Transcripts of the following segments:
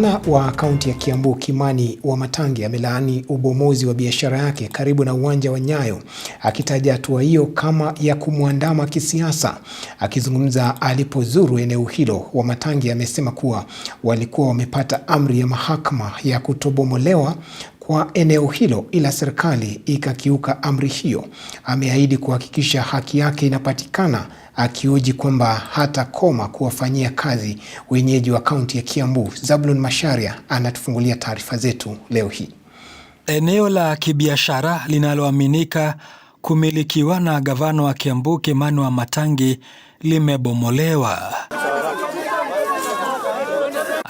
Gavana wa kaunti ya Kiambu Kimani Wamatangi amelaani ubomozi wa biashara yake karibu na uwanja wa Nyayo akitaja hatua hiyo kama ya kumwandama kisiasa. Akizungumza alipozuru eneo hilo, Wamatangi amesema kuwa walikuwa wamepata amri ya mahakama ya kutobomolewa kwa eneo hilo, ila serikali ikakiuka amri hiyo. Ameahidi kuhakikisha haki yake inapatikana, akioji kwamba hata koma kuwafanyia kazi wenyeji wa kaunti ya Kiambu. Zablon Masharia anatufungulia taarifa zetu leo hii. Eneo la kibiashara linaloaminika kumilikiwa na gavana wa Kiambu Kimani matangi limebomolewa.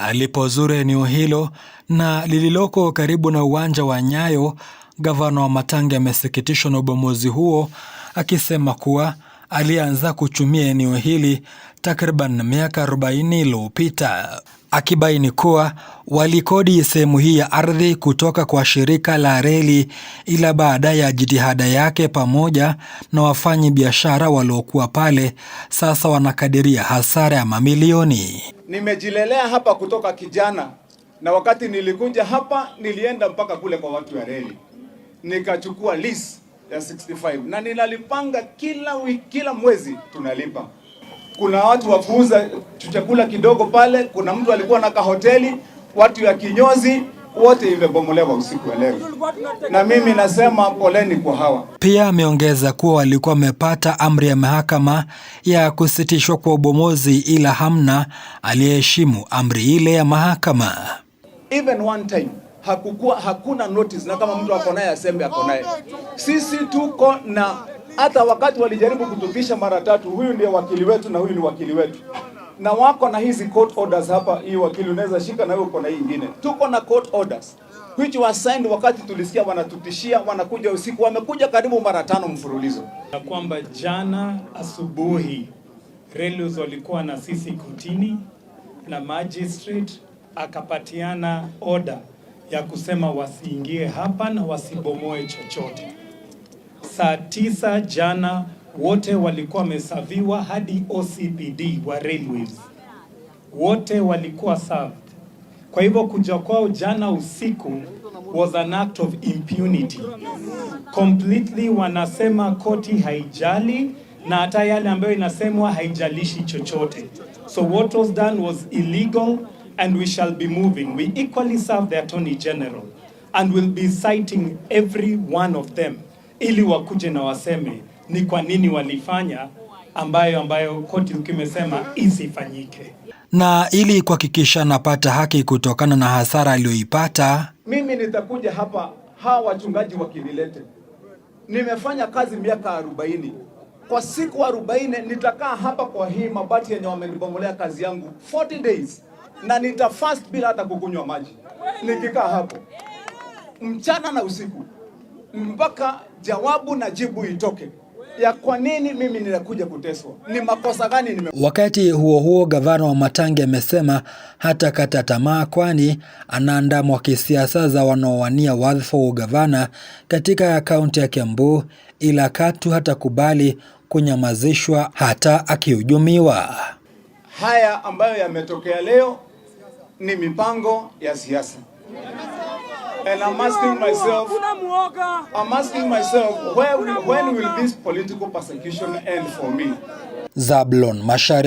Alipozuru eneo hilo na lililoko karibu na uwanja wa Nyayo, gavana wa matangi amesikitishwa na ubomozi huo, akisema kuwa alianza kuchumia eneo hili takriban miaka 40 iliyopita akibaini kuwa walikodi sehemu hii ya ardhi kutoka kwa shirika la reli, ila baada ya jitihada yake pamoja na wafanyi biashara waliokuwa pale, sasa wanakadiria hasara ya mamilioni. Nimejilelea hapa kutoka kijana, na wakati nilikuja hapa nilienda mpaka kule kwa watu wa reli nikachukua lease ya 65 na ninalipanga kila wiki, kila mwezi tunalipa kuna watu wa kuuza chakula kidogo pale, kuna mtu alikuwa na kahoteli, watu ya kinyozi wote imebomolewa usiku wa leo, na mimi nasema poleni kwa hawa. Pia ameongeza kuwa walikuwa wamepata amri ya mahakama ya kusitishwa kwa ubomozi, ila hamna aliyeheshimu amri ile ya mahakama. Even one time hakukuwa, hakuna notice, na kama mtu ako naye aseme ako naye. Sisi tuko na hata wakati walijaribu kutupisha mara tatu, huyu ndiye wakili wetu na huyu ni wakili wetu, na wako na hizi court orders hapa. Hii wakili unaweza shika na wewe, uko na hii nyingine. Tuko na court orders which was signed wakati tulisikia wanatutishia, wanakuja usiku. Wamekuja karibu mara tano mfululizo, na kwamba jana asubuhi Relius walikuwa na sisi kutini na magistrate akapatiana order ya kusema wasiingie hapa na wasibomoe chochote saa tisa jana wote walikuwa wamesaviwa hadi OCPD wa railways, wote walikuwa served. Kwa hivyo kuja kwao jana usiku was an act of impunity completely. Wanasema koti haijali na hata yale ambayo inasemwa haijalishi chochote. So what was done was illegal and we shall be moving. We equally serve the Attorney General and will be citing every one of them ili wakuje na waseme ni kwa nini walifanya ambayo ambayo koti kimesema isifanyike. Na ili kuhakikisha napata haki kutokana na hasara aliyoipata, mimi nitakuja hapa, hawa wachungaji wakinilete. Nimefanya kazi miaka arobaini kwa siku arobaini nitakaa hapa kwa hii mabati yenye wamenibongolea kazi yangu 40 days, na nita fast bila hata kukunywa maji, nikikaa hapo mchana na usiku mpaka jawabu na jibu itoke ya kwa nini mimi ninakuja kuteswa, ni makosa gani nime... Wakati huo huo, gavana wa Matangi amesema hata kata tamaa, kwani anaandamwa kisiasa za wanaowania wadhifa wa ugavana katika kaunti ya Kiambu, ila katu hatakubali kunyamazishwa hata akihujumiwa. Haya ambayo yametokea leo ni mipango ya siasa. And I'm asking myself I'm asking myself, where, when will this political persecution end for me? Zablon mashare